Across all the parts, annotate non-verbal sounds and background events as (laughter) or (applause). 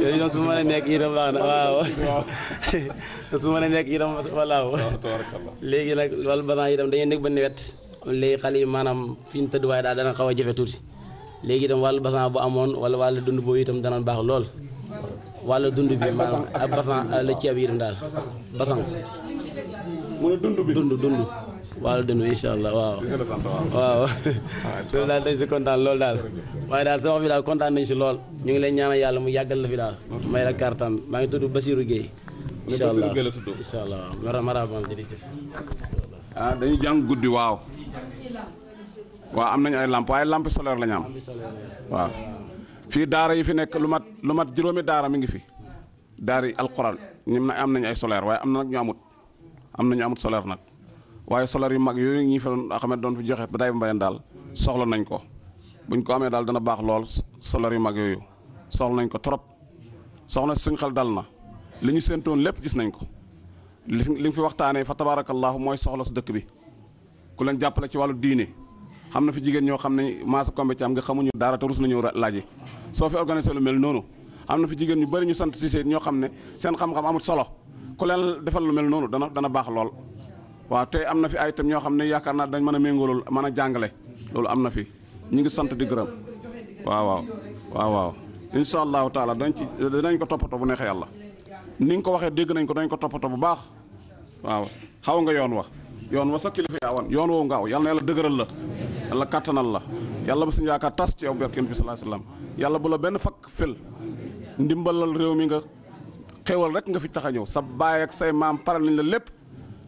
yooyu noonu su ma mënee nekk itam baax na waaw su ma mënee nekk itam walaaw léegi nag wàllu basaan itam dañuy nekk ba nawet léegi xale yi maanaam fi ñu tëdd waaye daal dana xaw a jafe tuuti léegi dam wàllu basan bu amoon wala wàllu dund boobu itam dana baax lool wàllu dund bi maanaam ak basaan euh, la ceeb yi itam daal basaan mu ne dund dund wàllu dund incha allah waaw. waaw ah, (laughs) loolu daal dañ si kontaan loolu daal. waaye daal sa wax bi daal nañ si lool. ñu ngi leen ñaanal yàlla mu yàggal la fi daal. may la kartan ngi Basirou ah dañuy jang guddi waaw. waaw am nañu ay lamp waaye lamp solaire la daara yi fi nekk lu mat lu mat juróomi daara mi ngi fi. daara yi alquran ñun am nañu ay solaire waaye am na ñu amut am amut solaire waaye solaire yu mag yooyu ñi fa xam ne doon fi joxe daay mbayeen daal soxla nañ ko buñ ko amee daal dana baax lool solaire yu mag yooyu soxla nañ ko trop soxna suñ xel dal na li ñu séentoon lépp gis nañ ko li li fi waxtaanee fa tabaarakallaahu mooy soxla su dëkk bi ku leen jàppale ci wàllu diine xam na fi jigéen ñoo xam ne maasa kombe ci am nga xamuñu daara te rus nañu laaji soo fi organisé lu mel noonu am na fi jigéen ñu bari ñu sant si seen ñoo xam ne seen xam-xam solo ku leen defal lu mel noonu dana dana baax lool waaw tey am na fi ay itam ñoo xam ne yaakaar naa dañ mën a méngoo loolu a jàngale loolu am na fi ñu ngi sant di gërëm waaw waaw waaw waaw incha allahu taala dañ ci dinañ ko toppatoo bu neexee yàlla ni nga ko waxee dégg nañ ko dañ ko toppatoo bu baax waaw xaw nga yoon wa yoon wa sa kilifa yaa woon yoon woowu nga aw yàlla na yàlla dëgëral la yàlla kattanal la yàlla bu suñ yaakaar tas ci yow berken bi sallallahu alayhi wasallam yàlla bu la benn fakk fël ndimbalal réew mi nga xéwal nga fi tax a ñëw sa baay say maam paral nañ la lépp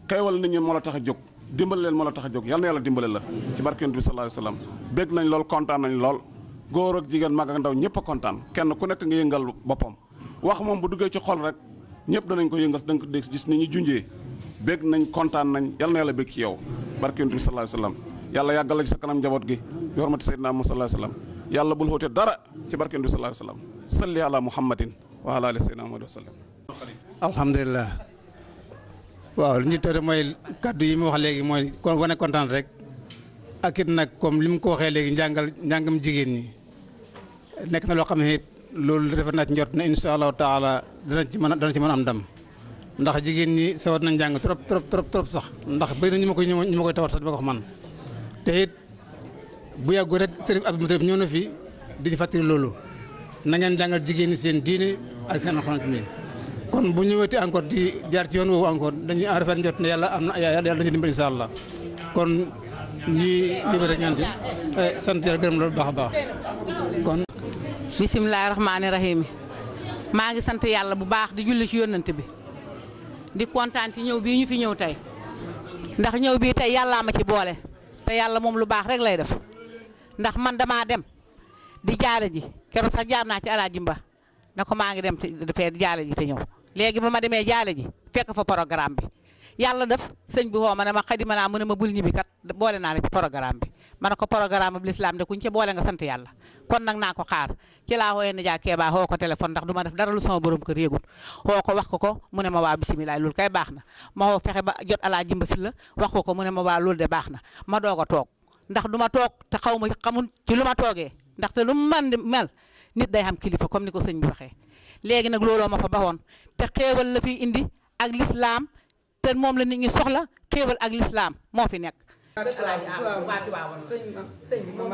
xeewal nit ñi moo la tax a jóg dimbale leen moo la tax a jóg yal na yàlla dimbale la ci barke yonent bi sallallahu alayhi wasallam bég nañ lool kontaan nañ lool góor ak jigéen mag ak ndaw ñëpp a kontaan kenn ku nekk nga yëngal boppam wax moom bu duggee ci xol rek ñëpp danañ ko yëngal danga ko dégg gis ni ñu junjee bég nañ kontaan nañ yal na yàlla bég ci yow barke yonent bi sallallahu alayhi wasallam yàlla yàggal la ci sa kanam njaboot gi bi hormati sayyidina Muhammad sallallahu alayhi wasallam yàlla bul xóote dara ci barke yonent bi sallallahu alayhi wasallam salli ala muhammadin wa ala ali sayyidina Muhammad wa sallam alhamdulillah waaw li ñu tere mooy kaddu yi mu wax léegi moy kon wane contant rek akit nak comme lim ko waxee léegi jangal jangam jigen ni nek na lo xam ne it na ci ñort na inshallah taala dana ci man a dana ci man am dam ndax jigéen ñi sawat na jang trop trop trop trop sax ndax bay na ñu koy ñu koy tawat sax bako man te it bu yàggu rek sëriñ Abdou Moussa ñono fi di fàttali loolu na ngeen jangal jigen ni seen diine ak seen ni kon bu ñëwati encore di jaar ci yoon woowu encore dañuy en rafet ne yalla am na yàlla na si dimbali inshallah kon ñuy yëngu rek euh sant yàlla gërëm lu baax baax kon. bismillahir rahmanir rahim ma ngi sant yalla bu baax di julli ci yoonent bi di contante ñew bi ñu fi ñew tay ndax ñew bi tay yalla ma ci boole te yalla mom lu baax rek lay def ndax man dama dem di jaale ji sax jaar na ci alaaji Mba na ko ngi dem defé dafee ji te ñew léegi ba ma demee jaale ji fekk fa programme bi yàlla def sëñ bi woo ma ne ma xadi ma naa mu ne ma bul ñibbi kat boole naa la ci bi ma ne ko programme bi lislaam de kuñ ca boole nga sant yàlla kon nag naa ko xaar ci laa wooyee na jaa keebaa xoo ko téléphone ndax du ma def dara lu sama borom kër yéegul xoo ko wax ko ko mu ma waa bisimilah loolu kay baax na ma xoo fexe ba jot alaa jimba si la wax ko ko mu ma waa loolu de baax na ma doog a ma toog te xaw nit day am kilifa comme ni ko sëñ bi waxee léegi nag looloo ma fa baxoon te xéewal la fi indi ak lislaam te moom la nit ñi soxla xéewal ak lislaam moo fi nekk. sëñ bi moom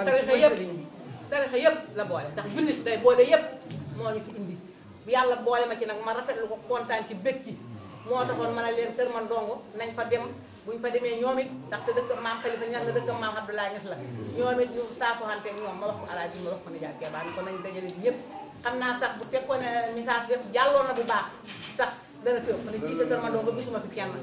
tarixa la boole ndax jullit day boole yëpp moo ñu indi yàlla boole ma ci nag ma rafetlu ko kontaan ci bëgg ci moo taxoon ma ne leen Kër Mandongo nañ fa dem. buñ fa demee ñoom it ndaxte dëkk maam Khalifa Niass la dëkk maam Abdoulaye Niass la ñoom it ñu saafoxanteeg ñoom ma wax ko alaaji ma wax ko ne jàkkee baax ko nañ dajale bi xam naa sax bu fekkoon ne message jàlloon na bu baax sax dana tëb ma ne kii sa ma doon ko gisuma fi kenn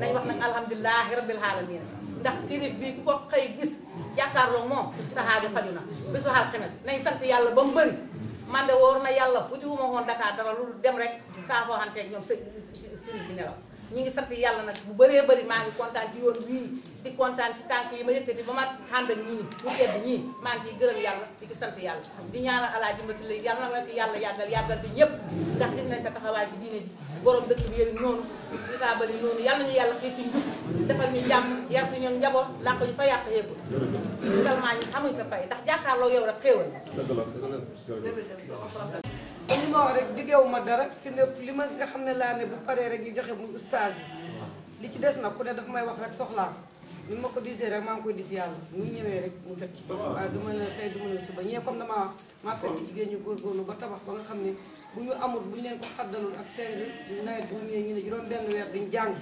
nañ wax nag alhamdulilahi rabbil alamin ndax sirif bi ku ko xëy gis jàkkaarloo moom saxaa bi faju na bisu xal xemes nañ sant yàlla ba mu bëri man de wóor na yàlla bu ci wuma woon Dakar dara lu dem rek saa foo xanteeg ñoom sëriñ bi nelaw ñu ngi sant yàlla nag bu bëree bëri maa ngi kontaan ci yoon wii di kontaan ci tànk yi ma yëkkati ba ma ànd ñii ñu tedd ñii maa ngi gërëm yàlla di ko sant yàlla di ñaanal alaaji Mbasile yàlla na la yàlla yàggal yàggal bi ñëpp ndax gis nañ sa taxawaay bi diine ji borom dëkk bi yëwi noonu di saabali noonu yàlla ñu yàlla fii ci njub defal ñu jàmm yar si ñoom njaboot làq ñu fa yàq yëpp seulement ñi xamuñ sa fay ndax jàkkaarloo yow rek xéewal li ma wax rek diggeewu ma dara fi ne li ma nga xam ne laa ne bu paree rek ñu joxe mu ustaas li ci des nag ku ne daf may wax rek soxlaa ni ma ko disee rek maa ngi koy dis yàlla mu ñëwee rek mu te ci ah, du ma ne tey du ma ne suba ñee comme damaa wax maa fekk jigéen ñu góorgóorlu ba tabax ba nga xam ne bu ñu amul bu ñu leen ko xaddaloon ak seen nawet bu ñëwee ñu ne juróom benn weer duñ jàng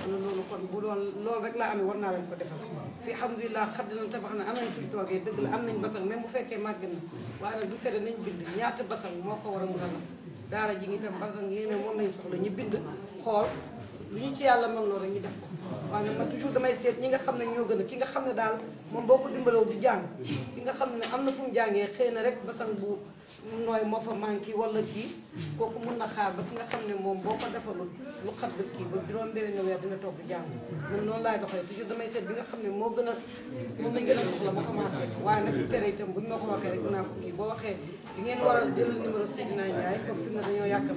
kon loolu kon bu doon loolu rek laa amee war naa leen ko defal fii alhamdulilah xadd nañ tabax na am nañ fi toogee dëgg la am nañ basan même bu fekkee màgg na waaye du tere nañ bind ñaata basan moo ko war a mën a daara ji ngi tam basan yéene moom lañ soxla ñu bind xool lu ñu ci yàlla mën loolu ñu def ko waaye man toujours damay seet ñi nga xam ne ñoo gën a ki nga xam ne daal moom boo ko dimbaloo du jàng ki nga xam ne am na fu jàngee xëy na rek basan bu nooy moo fa wala kii kooku mun na xaar ba ki nga xam ne moom boo ko defalul lu xat bés kii ba juróom dina toog jàng man noonu laay doxee toujours damay bi nga xam ne moo gën a moom lañ gën a soxla ma bu ñu ma ko waxee rek kii boo waxee di ngeen war a jëlal numéro Seydina Ndiaye comme fi mu ne dañoo yàkkam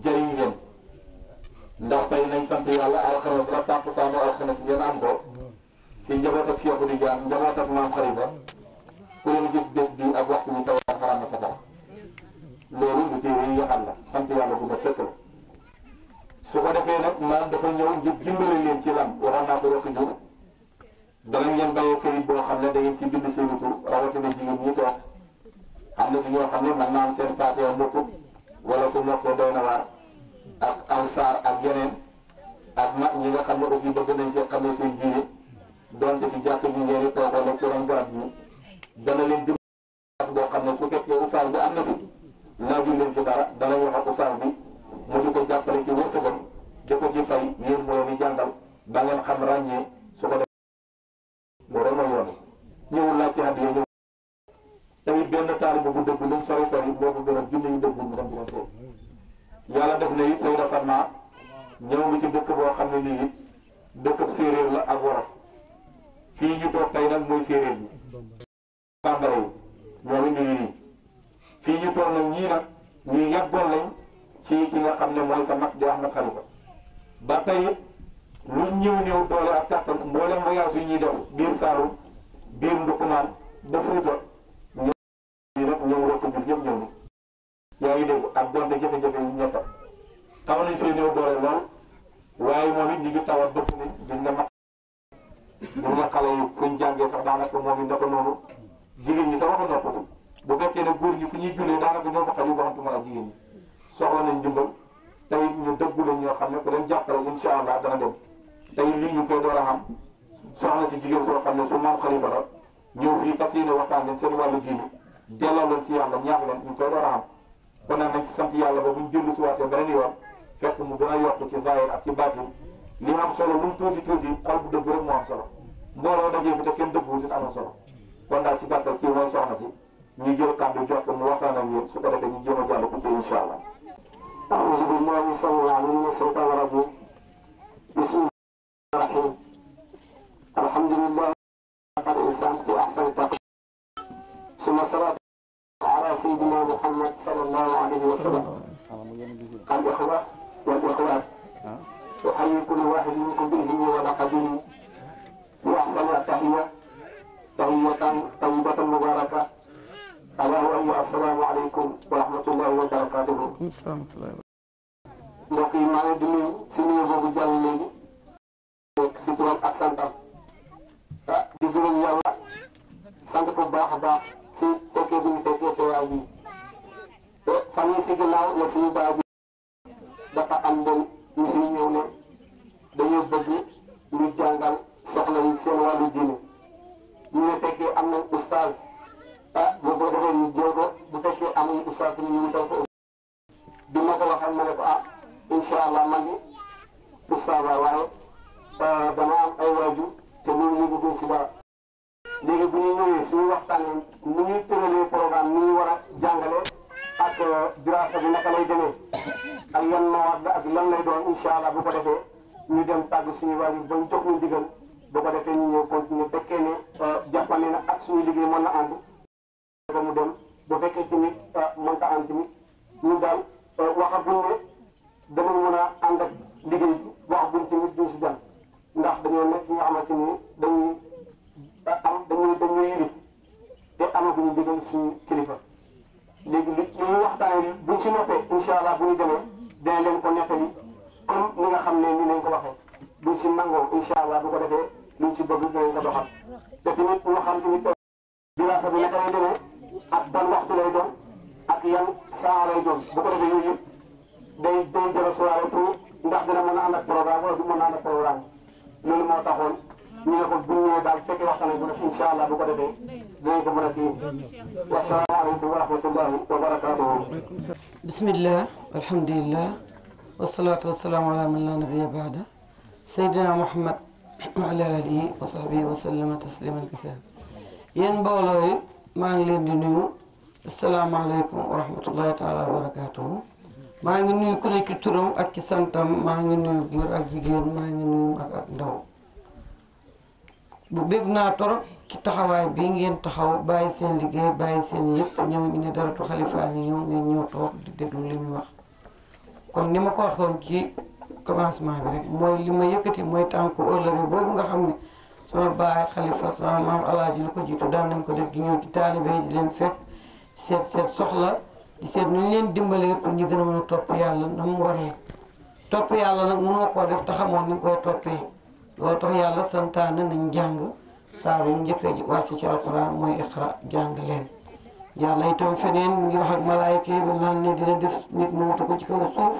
jëriñ leen ndax tey nañ sant yàlla alxames la tàkkusaanu alxames ngeen am ko ci njaboot ak Cheikh di Diagne njaboot ak maam Xariba ku leen gis bés bi ak waxtu bi taw ak xaram na ko tax loolu orang tee yi yaxal la sant yàlla bu ma fekk la su ko defee nag maam dafa ñëw ngir dimbale leen ci lan naa ko rek ci seen ñi ñoo man seen wala ku mokkee doy na waar ak ansaar ak yeneen ak mag ñi nga xam ne aussi bëgg nañ cee xamee seen diine donte ci jàkk ji ngeen di toog wala ci ron garab leen jëm boo xam ne ku fekkee ustaas bi am na fi laaju leen ci dara dana wax ak ustaas bi mu di ko jàppale ci wërsëgam di ko ci fay yéen moo leen di jàngal ba ngeen xam ràññee su ko defee loolu mooy yoon ñëwul laaj ci àddiya ñëw tamit benn taal bu dëgg lu mu sori sori boo ko gën a junne yu dëgg yàlla def na it say rassemblement ñëw nga ci dëkk boo xam ne nii it dëkkab séeréer la ak wolof fii ñu toog tey nag mooy séeréer yi fii ñu toog nag ñii nag ñuy yàggoon lañ ci ki nga xam ne mooy sa mag di Ahmed Khalifa ba tey lu ñëw ñëw doole ak kàttan mboolem voyage yi ñuy def biir Saalum biir Ndukumaan ba Fuuta ñëw ñëw ñëw ñëw yaa ngi dégg ak donte jafe-jafe yu ñett taw nañ fee néew doole lool waaye moom a dëpp nañ gis nga mat gis jàngee sax daanaka moom it naka noonu jigéen ñi sax wax nopp fi bu fekkee ne góor ñi fu ñuy jullee daanaka ñoo fa xel yu waxantuma jigéen ñi soxla nañ dimbal tey ñu dëggu lañ ñoo xam ne ku leen jàppale incha allah dana dem tey lii ñu koy door a xam soxna si jigéen soo xam ne su maam xalifa la ñëw fii fas yéene waxtaan leen seen wàllu diini la leen si yàlla ñaax leen ñu koy door a xam kon nag nañ ci sant yàlla ba buñ jëllu si waatee beneen yoon fekk mu gën a yokk ci zahir ak ci baatin li am solo lu mu tuuti tuuti xal bu dëgg rek moo am solo mbooloo dajee fi te kenn dëgguwutin amul solo kon daal ci gàttal kii mooy soxna si ñu jël kàddu jox ko mu waxtaan ak yéen su ko defee ñu jéem a jàll ku ci incha allah أعوذ بالله السميع العليم من الشيطان الرجيم بسم الله الرحمن الرحيم الحمد لله خلق على سيدنا محمد صلى الله عليه وسلم الإخوة والإخوات أحيي كل واحد منكم به ولقبه بأحسن التحية تحية طيبة مباركة ألا وهي السلام عليكم ورحمة الله وبركاته. السلام عليكم. mbokk yi maa ngi dund si nuyu boobu jàll léegi nekk si turam ak santam ah di gërëm yàlla sant ko baax a baax si fekkee bi ñu fekkee ginnaaw bi fan yi dafa am ndey ñu fi ne dañoo bëgg ñu jàngal soxla yi seen wàllu diine ne fekkee am nañ ustaas ah bu ko defee ñu ustaas ñu ma ko waxal ma ne ko ah allah man ni ustaas la waaye ah, dama am ay waajur te ñu ngi dugg si dara léegi bu ñu ñëwee suñu waxtaan ni ñuy tëralee programme ni ñu war a jàngale ak euh, dirasa bi naka lay demee ak yan mawaat ak lan lay doon incha allah bu ko defee ñu dem tàgg suñu waajur ba ñu jox ñu digal bu ko defee ñu ñëw fekkee ne euh, jàppale na ak suñu liggéey mën na ànd ba mu dem bu fekkee tamit euh, mën ta ànd tamit ñu daal waxaguñ ne dama mën a ànd ak liggéey bi waxaguñ tamit si dem ndax dañoo nekk ñi nga xamante ni dañuy am dañuy dañuy yëngu te amaguñu digal suñu kilifa léegi li li ñu waxtaanee buñ ci noppee incha allah bu ñu demee dina leen ko nettali comme ni nga xam ne ni leen ko waxee buñ ci nangoo incha allah bu ko defee luñ ci bëgg dinañ ko doxal te tamit ñu xam tamit dirasa bi naka ak ban waxtu lay doon ak yan saa lay doon bu ko defee yooyu yëpp day day jëloon soirée pour ndax dina mën a ànd ak programme wala du mën a loolu moo taxoon. إيه؟ إيه؟ بسم الله الحمد لله والصلاة والسلام على من لا نبي بعده سيدنا محمد وعلى آله وصحبه وسلم تسليما كثيرا ينبغي الله ما نلدنيو السلام عليكم ورحمة الله تعالى وبركاته ما نلدنيو كل كترم أكي سنتم ما نلدنيو أكي جيل ما نلدنيو أكي دو bëgg naa torop ci taxawaay bi ngeen taxaw bàyyi seen liggéey bàyyi seen yëpp ñëw ñu ne daratu xalifa ni ñëw ñëw toog di déglu ñu wax kon ni ma ko waxoon ci commencement bi rek mooy li ma yëkkati mooy tànk ëllëgee boobu nga xam ne sama baay xalifa sama maam alaaji lu ko jiitu daan nañ ko def di ñëw ci taalibe di leen fekk seet seet soxla di seet nu ñu leen dimbalee pour ñu gën a mën a topp yàlla na mu waree topp yàlla nag mënoo koo def te xamoon ni ñu koy toppee loolu tax yàlla santaane nañ jàng saar yu njëkk a wàcc ci alquran mooy iqra jàng leen yàlla itam feneen mu ngi wax ak malaayka yi bu naan ne dina def nit mu wutu ko ci kaw suuf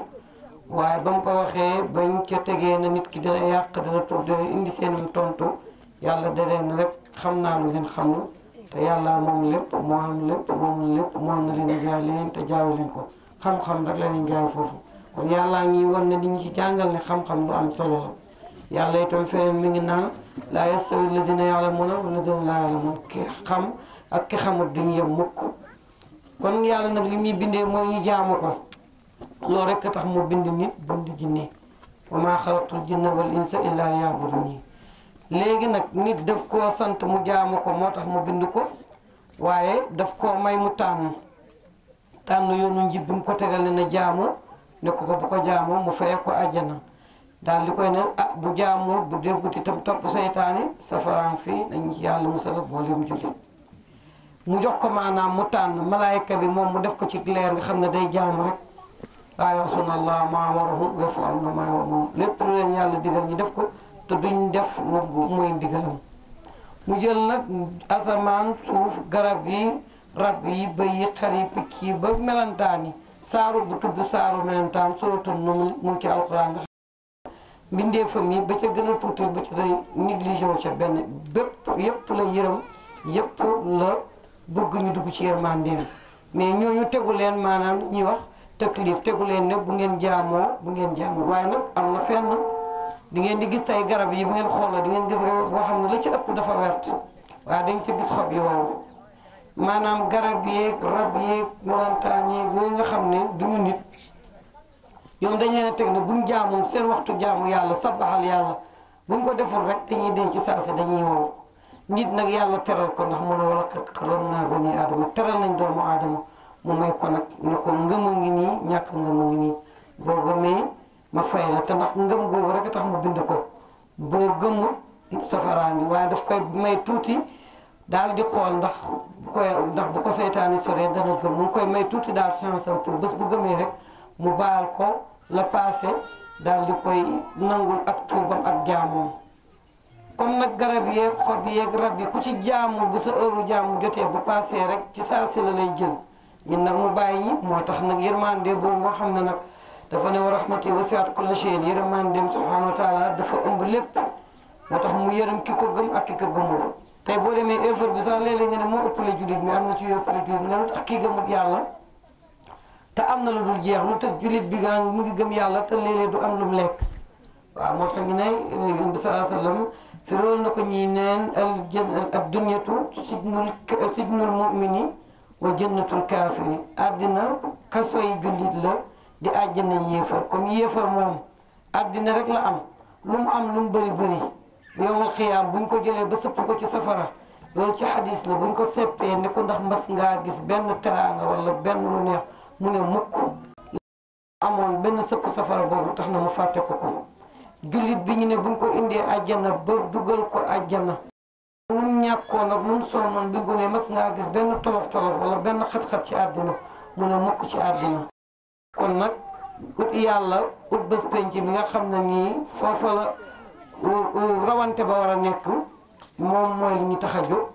waaye ba mu ko waxee bañ ca tegee na nit ki dana yàq dana tur dana indi seenum tontu yàlla da leen rek xam naa lu ngeen xamul te yàlla moom lépp moo am lépp moom lépp moom na leen jaay leen te jaaw leen ko xam-xam rek la leen jaay foofu kon yàlla ngi war na di ñu ci jàngal lu am solo yàlla itam feneen mi ngi naan laa yastawi alladina yaalamuuna wa alladina laa yaalamuun ki xam ak ki xamut duñu yem mukk kon yàlla nag li muy bindee mooy ñu jaamu ko loolu rek tax mu bind nit bind jinne wa maa xalaqtul jinna wal insa illaa liya'buduun léegi nag nit daf koo sant mu jaamu ko moo tax mu bind ko waaye daf koo may mu tànn tànn yoonu njib bi mu ko tegal ne na jaamu ne ko bu ko jaamoo mu fayee ko àjjana daal di koy ne ah bu jaamoo bu déggut itam topp seytaane safaraan fii nañ ci yàlla musal boolem jullit mu jox ko maanaam mu tànn malaayka bi moom mu def ko ci leer nga xam ne day jaam rek laa yasuna allah ma amarahum wa yaf'aluna ma yu'marun lépp leen yàlla digal ñu def ko te duñ def nubbu mooy ndigalam mu jël nag asamaan suuf garab yi rab yi bëy yi xar yi picc yi ba melantaan yi saaru bu tudd saaru melantaan suratul numl mu ngi ci alquran mbindeefam yi ba ca gën a tuuti ba ca day négligé wu ca benn bépp yëpp la yërëm yëpp la bëgg ñu dugg ci yërmandeem mais ñooñu tegu leen maanaam li ñuy wax taklif tegu leen ne bu ngeen jaamoo bu ngeen jaamoo waaye nag am na fenn di ngeen di gis tey garab yi bu ngeen xoolal di ngeen gis garab boo xam ne la ci ëpp dafa wert waaye dañ ci gis xob yi woowu maanaam garab yeeg rab yeeg melentaan yeeg yooyu nga xam ne duñu nit ñoom dañ leen a teg ne buñ jaamoon seen waxtu jaamu yàlla sabaxal yàlla buñ ko deful rek dañuy denc saa si dañuy wow nit nag yàlla teral ko ndax mu ne wala kat karam naa bani aadama teral nañ doomu aadama mu may ko nag ne ngëm ngi nii ñàkk ngëm a ngi nii boo ma fay la te ndax ngëm googu tax mu bind ko boo gëmul safaraa ngi waaye daf koy may tuuti daal di xool ndax bu ko ndax bu ko seytaane soree dana gëm mu koy may tuuti daal chance am pour bés bu gëmmee rek mu baal ko la paase daal di koy nangul ak tuubam ak jaamoom comme nag garab yeeg xob yeeg rab yi ku ci jaamul bu sa heure jaamu jotee bu paase rek ci saa si la lay jël ñun nag mu bàyyi moo tax nag yërmande boobu nga xam ne nag dafa ne wa rahmati wasi'at kulla shay'in yërmandeem subhaanahu wa taala dafa ëmb lépp moo tax mu yërëm ki ko gëm ak ki ko gëmul tey boo demee œuvre bi sax léeg nga ne moo ëppale jullit mais am na ci yoo ëppale jullit nga ne tax kii gëmut yàlla تأمن لو دول جيخ لو تك جوليت بيغان موغي گم يالا تا ليلي دو ام لوم ليك وا مو الله عليه وسلم فرول نكو ني نين الجن الدنيا تو سجن سجن المؤمن وجنة الكافر ادنا كسوي جوليت لا دي اجنا ييفر كوم ييفر موم ادنا رك لا ام لوم ام لوم بري بري يوم القيامة بن كو جيلي با سفكو سي سفرا لو سي حديث لا بن كو سيبي نكو نداخ مس nga gis mu ne mukk amoon benn sëpp safara boobu tax na mu fàtte ko ko jullit bi ñu ne buñ ko indee àjjana ba dugal ko àjjana lum ñàkkoon ak lum sonnoon bi gunee mas ngaa gis benn tolof tolof wala benn xat-xat ci àdduna mu ne mukk ci àdduna kon nag ut yàlla ut bés penc bi nga xam ne nii foofa la rawante ba war a nekk moom mooy li ñu tax a jóg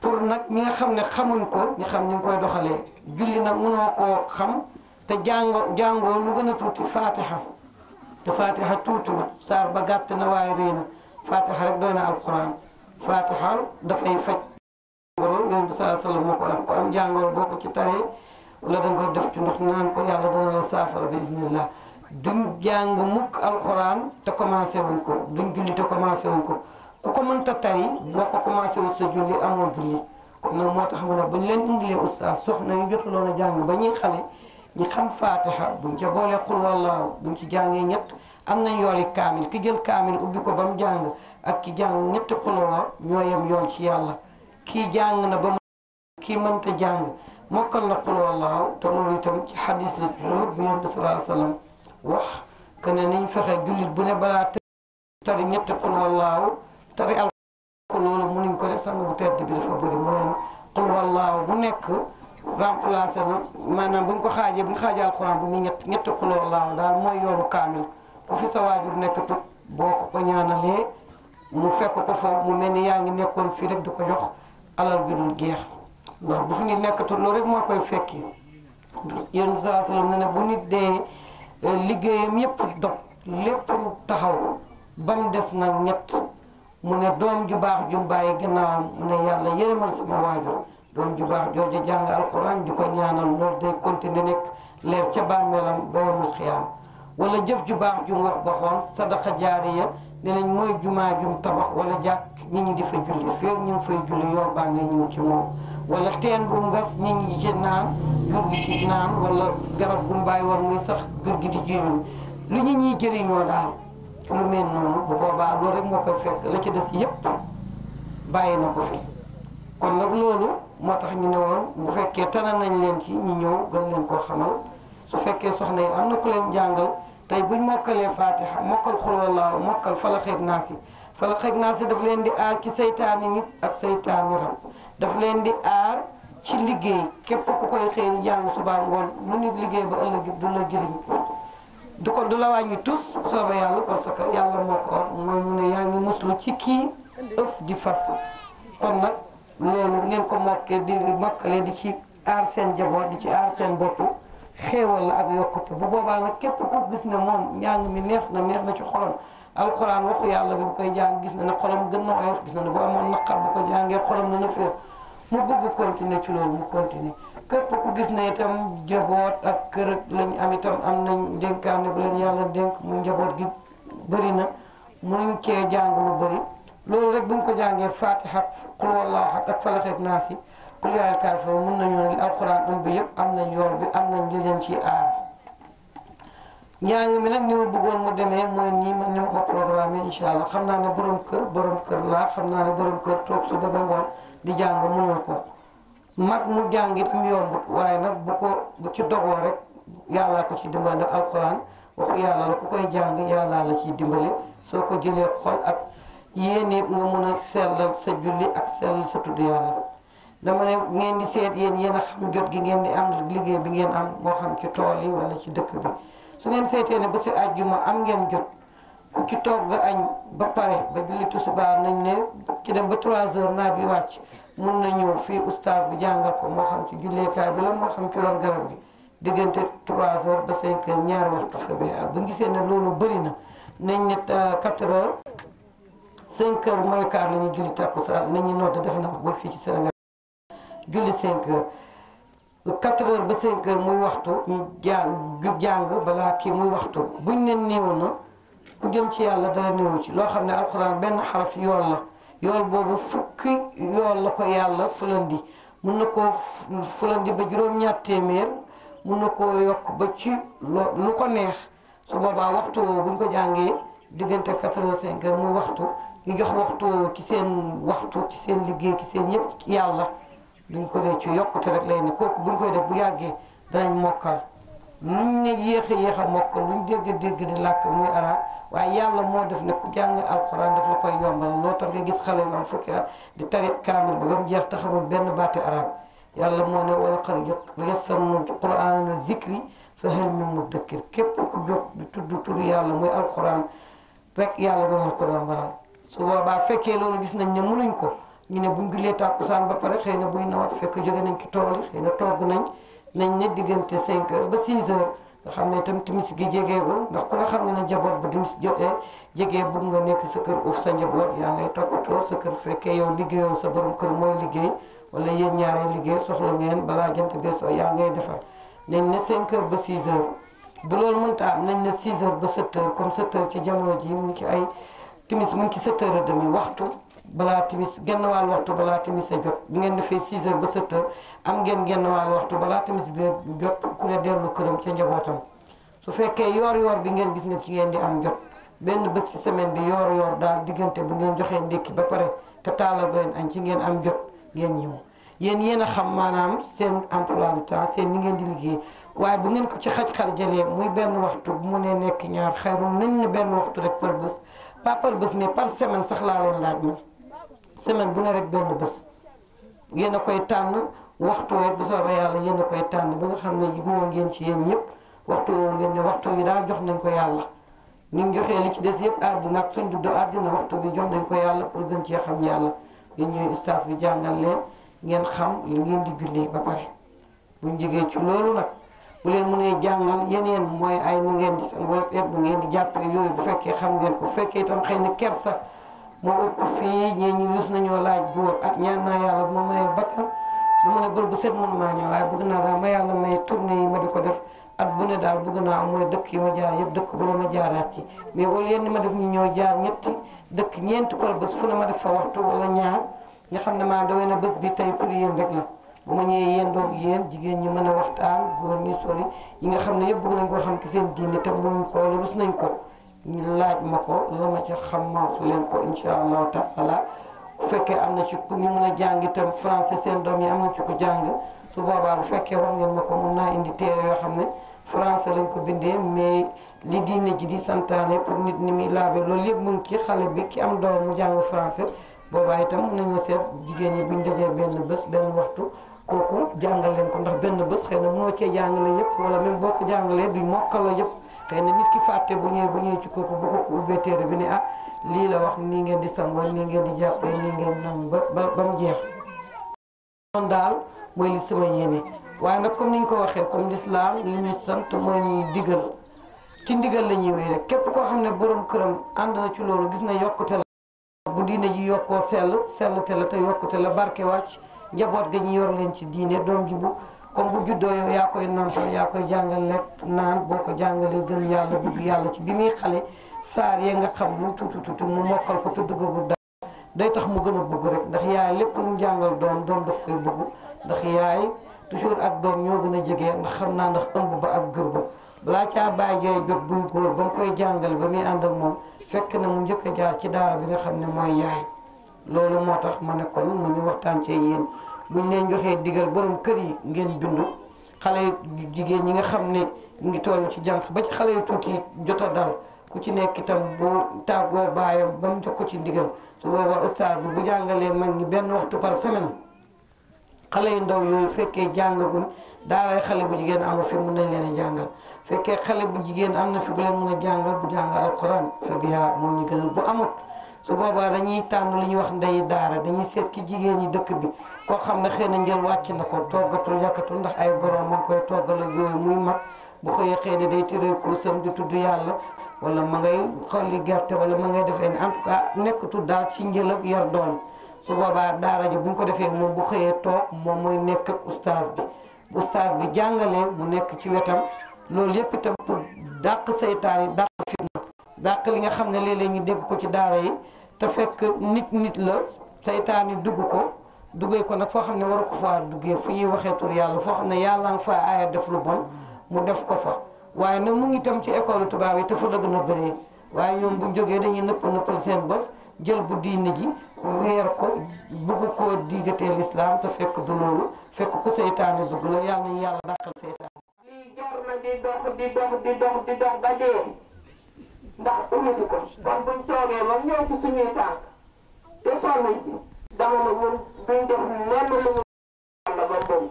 pour nag ñi nga xam ne xamuñ ko ñu xam ni ñu koy doxalee julli nag mënoo koo xam te jàngoo jàngoo lu gën a tuuti fatiha te fatiha tuuti na saar ba gàtt na waaye rëy na fatiha rek doy na alquran fatiha dafay faj jàngoro yonent bi sallallahu alayhi wasallam moo def ci ndox naan saafara bi bismillah jàng mukk alquran te commencé wuñ ko du julli te commencé wuñ ko ku ko mënta tari boo ko commencé wut sa julli amoo julli loolu moo tax mu ne bu leen indilee ustaas soxna yu jotuloon a jàng ba ñuy xale ñi xam faatiha buñ ca boolee xul wallaahu ci jàngee ñett am nañ yooli kaamil ki jël kaamil ubbi ko ba jàng ak ki jàng ñetti xul wallaahu ñoo yem ci yàlla kii jàng na ba mu kii mënta jàng mokkal na xul wallaahu te loolu itam ci xadis la loolu bi yonent bi wax que ne niñ fexe jullit bu ne balaa tari ñetti xul wallaahu tari ko loolu mënuñ ko def sang bu tedd bi dafa bëri moom xul wallaahu bu nekk remplacé na maanaam buñ ko xaajee buñ xaajee alxuraan bu ñett ñetti xul wallaahu daal mooy yoonu kaamil ku fi sa waajur nekk tut boo ko ko ñaanalee mu fekk ko mu mel yaa ngi nekkoon fii rek di ko jox alal bi dul geex ndax bu fi nit nekkatul loolu rek moo koy fekki yéen salaa salaam ne ne bu nit dee liggéeyam yépp dog lépp taxaw ba des nag ñett mu ne doom ju baax ju bàyyi ginnaawam mu ne yàlla yërëmal sama waajur doom ju baax jooju jàng alquran di ko ñaanal loolu day continuer leer ca bàmmeelam ba yawmul xiyaam wala jëf ju baax ju wax baxoon sadaqa jaariya dinañ mooy jumaa jum tabax wala jàkk nit ñi di fa julli féeg ñu ngi fay julli yor baa ci moom wala teen bu ngas nit ñi ci naan jur gi ci naan wala garab gu mbaay war muy sax jur gi di jëriñ lu ñu ñuy jëriñoo daal lu mel noonu bu boobaa loolu rek moo koy fekk la ci des yépp bàyyi na ko fi kon nag loolu moo tax ñu ne woon bu fekkee tana nañ leen ci ñu ñëw gën leen koo xamal su fekkee soxna yi am na ku leen jàngal tey buñ mokkalee faatiha mokkal xulwallaahu mokkal falaxeeg naasi falaxeeg naasi daf leen di aar ci seytaani nit ak seytaani rab daf leen di aar ci liggéey képp ku koy xëy jàng subaa ngoon lu nit liggéey ba ëllëg du la jëriñ du ko du la wàññi tus soobee yàlla parce que yàlla moo ko or mooy mu ne yaa ngi muslu ci kii ëf di fas kon nag loolu ngeen ko mokkee di mokkalee di ci aar seen jaboot di ci aar seen bopp xéewal la ak yokkute bu boobaa nag képp ku gis ne moom njàng mi neex na neex na ci xolam alxuraan waxu yàlla bi bu koy jaan gis na ne xolam gën na oyof gis na ne bu amoon naqar bu ko jàngee xolam na na féex mu bëgg continuer ci loolu mu continuer képp ku gis na itam njaboot ak kër lañu am itam am nañ dénkaane bu leen yàlla dénk mu njaboot gi bëri na mënuñ cee jàng mu bëri loolu rek bu ñu ko jàngee fatiha qul wallahu ahad ak falaq ak naas yi qul yaa mun nañu ne alquran am bi yëpp am nañ yoon bi am nañ li leen ci aar njàng mi nag ni ma bëggoon mu demee mooy nii man ni ma ko programme incha xam naa ne borom kër borom kër laa xam naa ne borom kër toog su ba ngoon di jàng mënul mag mu jàng itam yoon waaye nag bu ko bu ci dogoo rek yàllaa ko ci dimbali ndax alxuraan waxu yàlla la ku koy jàng yàllaa la ci dimbali soo ko jëlee xol ak yéen yëpp nga mun a sellal sa julli ak sellal sa dama ne ngeen di seet yéen yéen a xam jot gi ngeen di am liggéey bi ngeen am moo xam ci tool yi wala ci dëkk bi su ngeen seetee ne ba si àjjuma am ngeen jot ku ci togg añ ba pare ba julli tusubaar nañ ne ki dem ba 3 heures naaj bi wàcc mun na ñëw fii oustaz bi jàngal ko moo xam ci julleekaay bi la moo xam ci ron garab gi diggante 3 heures ba 5 heures ñaari waxtu fa bi ak bu gisee ne loolu bëri na nañ ne 4 euh, heures 5 heures mooy kaar lañu ñu julli takkusaan nañu nodd defe naa ko fii ci Sénégal julli 5 heures. 4 heures ba 5 muy waxtu ñu jàng ñu balaa kii muy waxtu buñ ne néew na ku jëm ci yàlla dara néew ci loo xam ne alxuraan benn xaraf yoon la. yool boobu fukki yool la ko yàlla fulandi mun na koo fulandi ba juróom-ñaar téeméer mun na koo yokk ba ci lu ko neex su boobaa waxtu woowu buñ ko jàngee diggante quatre vingt mu waxtu ñu jox waxtu woowu ci seen waxtu ci seen liggéey ci seen yëpp yàlla duñ ko ci yokkute rek lay ne kooku buñ koy def bu yàggee danañ mokkal luñ ne yéex a yéex a mokk luñ dégg dégg di làkk muy arab waaye yàlla moo def ne ku jàng alxuraan daf la koy yombal loo tax nga gis xale yu di tari kaamil ba mu jeex taxamul benn baati arab yàlla moo ne wala xar yassarnal qur'aana zikri fa hal min mudakkir képp ku jóg di tudd tur yàlla muy alxuraan rek yàlla dana ko yombalal su boobaa fekkee loolu gis nañ ne mënuñ ko ñu ne bu buñ jullee tàkkusaan ba pare xëy na buy nawet fekk jóge nañ ci tool yi xëy na togg nañ nañ ne diggante 5 heures ba 6 heures nga xam ne itam timis gi jegeegul ndax ku ne xam ne ne jaboot bu timis jotee jegee bëgg nga nekk sa kër uuf sa njaboot yaa ngay toppatoo sa kër fekkee yow liggéeyoo sa borom kër mooy liggéey wala yéen ñaaree liggéey soxla ngeen balaa jant bee soo yaa ngay defar nañ ne 5 heures ba 6 heures bu nañ ne 6 heures ba 7 heures comme 7 heures ci jamono ji mu ci ay timis mu ci 7 heures demi waxtu balaa timis genn wàll waxtu balaa timis a jot bu ngeen defee 6 heures ba 7 heures am ngeen genn wàll waxtu balaa timis bi jot ku ne dellu këram ca njabootam su fekkee yoor-yoor bi ngeen gis ne ci ngeen di am jot benn bés ci semaine bi yoor-yoor daal diggante bu ngeen joxee ndékki ba pare te taalal leen añ ci ngeen am jot ngeen ñëw yéen yéen a xam maanaam seen emploi du temps seen ni ngeen di liggéey waaye bu ngeen ko ci xaj-xar jëlee muy benn waxtu bu mu ne nekk ñaar xayru nañ ne benn waxtu rek par bés pas par bés semaine sax laa leen laaj man semaine bu ne rek benn bés yéen a koy tànn waxtu woowu bu soobee yàlla yéen koy tànn ba nga xam ne yëgoo ngeen ci yéen ñëpp waxtu woowu ngeen ne waxtu bi daal jox nañ ko yàlla. ni ñu joxee li ci des yëpp àddina suñ dudd àddina waxtu bi jox nañ ko yàlla pour gën cee xam yàlla yéen ñooy ustaas bi jàngal leen ngeen xam li ngeen di jullee ba pare. buñ jógee ci loolu nag bu leen mënee jàngal yeneen mooy ay nu ngeen di seen ngeen di jàppee yooyu bu fekkee xam ngeen ko bu fekkee itam xëy na sa moo ëpp fii ñee ñi rus nañoo laaj góor ak ah, ñaan naa yàlla bu ma mayee bakkan du ma ne bër bu set mënu maa ñëw waaye bëgg naa daal ma yàlla may tournée yi ma di ko def at bu ne daal bëgg naa am mooy dëkk yi ma jaar yëpp dëkk bu ne ma jaaraat ci mais wala yéen ni ma def ñu ñoo jaar ñetti dëkk ñeenti kol bés ma def fa waxtu wala ñaar nga xam ne maa damee na bés bi tey pour yéen rek la bu ma ñëwee yéen doog jigéen ñi mën a waxtaan góor ñi sori yi nga xam ne yëpp bëgg nañ koo xam ki seen diine te mënuñ ko wala rus nañ ko ñu laaj ma ko la ma xam ma wax leen ko incha allahu taala bu fekkee am na ci ku ñu mën a jàng itam français seen doom yi am na ci ko jàng su boobaa bu fekkee wax ngeen ma naa indi téere yoo xam ne français lañ ko bindee mais li diine ji di santaane pour nit ñi muy laabee loolu yëpp mu ki ci xale bi ki am doom mu jàng français boobaa itam mun nañoo seet jigéen ñi buñ dajee benn bés benn waxtu kooku jàngal leen ko ndax benn bés xëy na mënoo cee jàngale yëpp wala même boo ko jàngalee duñ la yëpp. xëy nit ki fàtte bu ñëwee bu ñëwee ci kooku bu ko ubbee téere bi ne ah lii la wax nii ngeen di sangoo nii ngeen di jàppee nii ngeen nam ba ba mu jeex daal mooy li sama yéene waaye nag comme niñ ko waxee comme l'islam li ñu sant mooy ñuy digal ci ndigal la ñuy wéy rek képp koo xam ne borom këram ànd na ci loolu gis na yokkute la bu diine ji yokkoo sell sellte la te yokkute la barke wàcc njaboot ga ñu yor ngeen ci diine doom ji comme bu juddoo yaa koy nàmpal yaa koy jàngal lekk naan boo ko jàngalee gën yàlla bëgg yàlla ci bi muy xale saar yee nga xam lu mu mokkal ko tudd ko daal day tax mu gën a bëgg rek ndax lépp mu jàngal doom doom daf koy bëgg yaay toujours ak doom ñoo gën a jege ndax xam naa ndax ëmb ba ak jur ba balaa caa bàyyi jaay jot buy góor ba mu koy jàngal ba muy ànd ak moom fekk na mu njëkk jaar ci daara bi nga xam ne mooy yaay loolu moo tax ma ne kon mu ñu waxtaan cee yéen. buñ leen joxee diggal borom kër yi ngeen bindu xale yu jigéen ñi nga xam ne ngi toll ci jànq ba ci xale yu tuuti jot a dal ku ci nekk itam bu tàggoo baayam ba mu jox ko ci ndigal su boobaa ustaas bu jàngalee mag ñi benn waxtu par semaine xale yu ndaw yooyu fekkee jàngagul daaray xale bu jigéen amu fi mun nañ leen a jàngal fekkee xale bu jigéen am na fi bu leen mun a jàngal bu jàngal alquran fa biha moom ñu gënal bu amut su boobaa dañuy tànn lu ñuy wax ndey daara dañuy seet ki jigéen ñi dëkk bi koo xam ne xëy na njël wàcc na ko toggatul yàkkatul ndax ay gorom moo koy toggal ak yooyu muy mag bu xëyee xëy na day tiré kurusam di tudd yàlla wala ma ngay xolli gerte wala ma ngay def en tout nekkatul daal ci njël ak yar su boobaa daara ji bu ko defee moom bu xëyee toog moom mooy nekk ak ustaas bi ustaas bi jàngalee mu nekk ci wetam loolu yépp itam pour dàq seytaan yi dàq fitna dàq li nga xam ne léeg-léeg ñu dégg ko ci daara yi te fekk nit nit la seytaani dugg ko duggee ko nag foo xam ne war waru ko faa duggee fu ñuy waxee tur yàlla foo xam ne yàlla fa aaya def lu bon mu def ko fa waaye nag mu ngi tam ci école tubaab yi te fa la gën bëree waaye ñoom bu jógee dañuy nëpp nëppal seen bës jël bu diine ji weer ko bugg koo diigatee lislaam te fekk du loolu fekk ko seytaane dugg la yàlla nañu yàlla dàqal seytaane. lii jar na di dox di dox di dox ba dee. ndax uruti ko kon buñ toogee ba ñëw ci suñuy tànk te dama ne ñun duñ def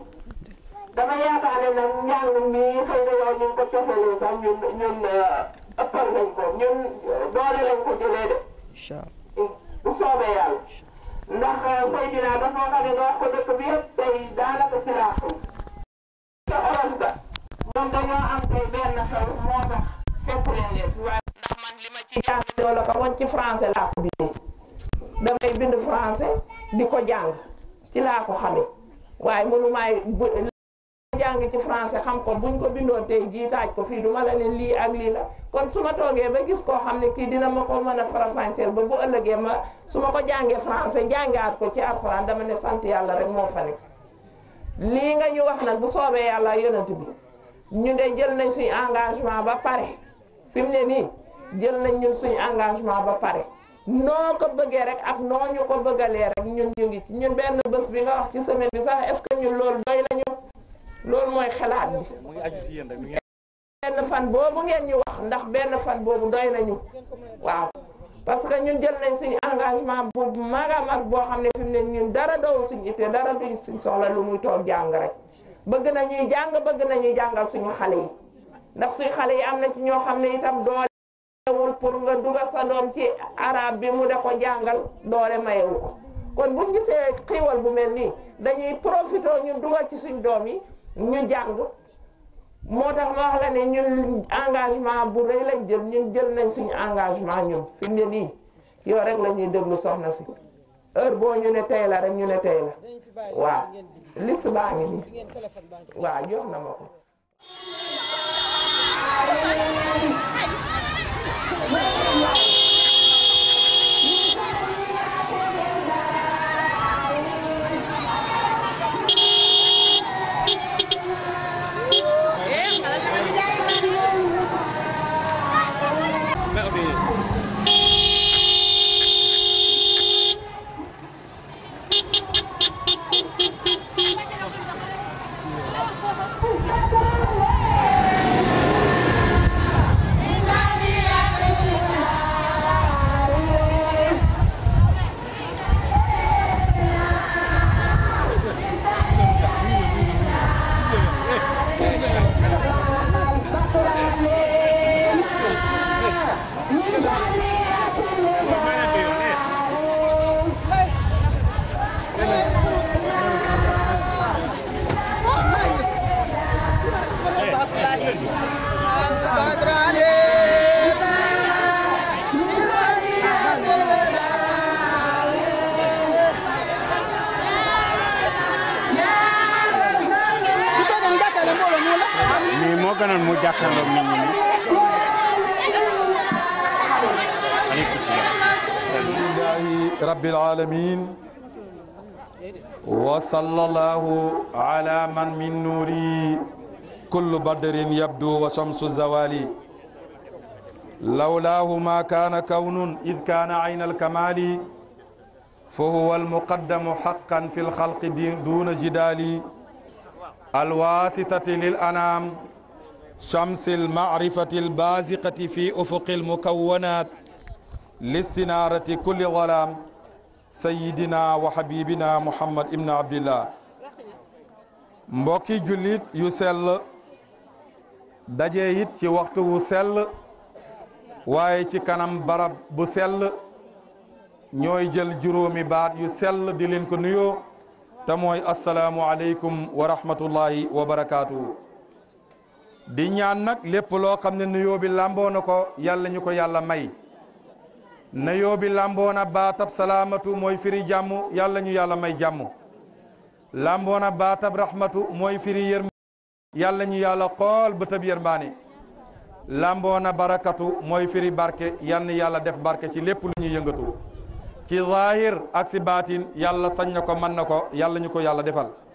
dama yaakaar ne nag njàng mii xëy na yow ñu ko cofalee sax ñun ñun euh, ëppal nañ ko ñun euh, doole lañ ko jëlee de bu soobee yàlla ndax euh, Seydina dafa xam nga wax ko bi yëpp tey daanaka ci laa ko te olof ga moom dañoo am tey benn xew moo tax fekkuleen leen ci yàlla yoo ci français laa ko bindee damay bind français di ko jàng ci laa ko xamee waaye mënumaay jàng ci francais xam ko buñ ko bindoon tey jii taaj ko fii duma la ne lii ak lii la kon su ma toogee ba gis koo xam ne kii dina ma ko mën a faramfàcceel ba bu ëllëgee ma su ma ko jàngee français jàngaat ko ci alxuraan dama ne sant yàlla rek moo fa nekk lii nga ñu wax nag bu soobee yàlla yonent bi ñu de jël nañ suñu engagement ba pare fi mu ne nii jël nañ ñun suñu engagement ba pare noo ko bëggee rek ak noo ñu ko bëggalee rek ñun ñu ngi ci ñun benn bés bi nga wax ci semaine bi sax est-ce que ñun loolu doy nañu loolu fan boobu ngeen ñu wax ndax benn fan boobu doy nañu waaw parce que ñun jël nañ suñu engagement bu mag a mag boo xam ne fi mu ne ñun dara dowul suñu ittee dara duñ suñ soxla lu muy toog jàng rek bëgg nañuy jàng bëgg nañuy jàngal suñu xale yi ndax suñu xale yi am na ci ñoo xam ne itam doole won pour nga duga sa dom ci arab bi mu de ko jàngal doole mayewu ko kon buñ gisee xiiwal bu melni dañuy profito ñu duga ci suñ dom yi ñu jang motax ma wax la ne ñun engagement bu rëy lañ jël ñun jël nañ suñ engagement ñun fi mu ne nii yow rek lañuy deglu soxna ci heure bo ñu ne tay la rek ñu ne tay la wa liste ba ngi ni wa jox na mako ko. Yeah. أنا أنا أنا أنا أنا رب العالمين وصلى الله على من من نوري كل بدر يبدو وشمس الزوالي لولاه ما كان كون إذ كان عين الكمال فهو المقدم حقا في الخلق دون جدال الواسطة للأنام شمس المعرفة البازقة في أفق المكونات لاستنارة كل ظلام سيدنا وحبيبنا محمد ابن عبد الله مبكي جليد يسل دجيهيت في وقت وسل وايه في كنام برب بسل نيوي جل جرومي بعد يسل دلين كنيو تموي السلام عليكم ورحمة الله وبركاته di ñaan nag lépp loo xam ne nuyoo bi làmboo na ko yàlla ñu ko yàlla may nuyoo bi làmboo baatab salaamatu mooy firi jàmm yàlla ñu yàlla may jàmm làmboo na baatab rahmatu mooy firi yërm yàlla ñu yàlla xool bëtab yërmaane làmboo na barakatu mooy firi barke yal yàlla def barke ci lépp lu ñuy yëngatu ci zaahir ak si yàlla sañ na ko mën na ko yàlla ñu ko yàlla defal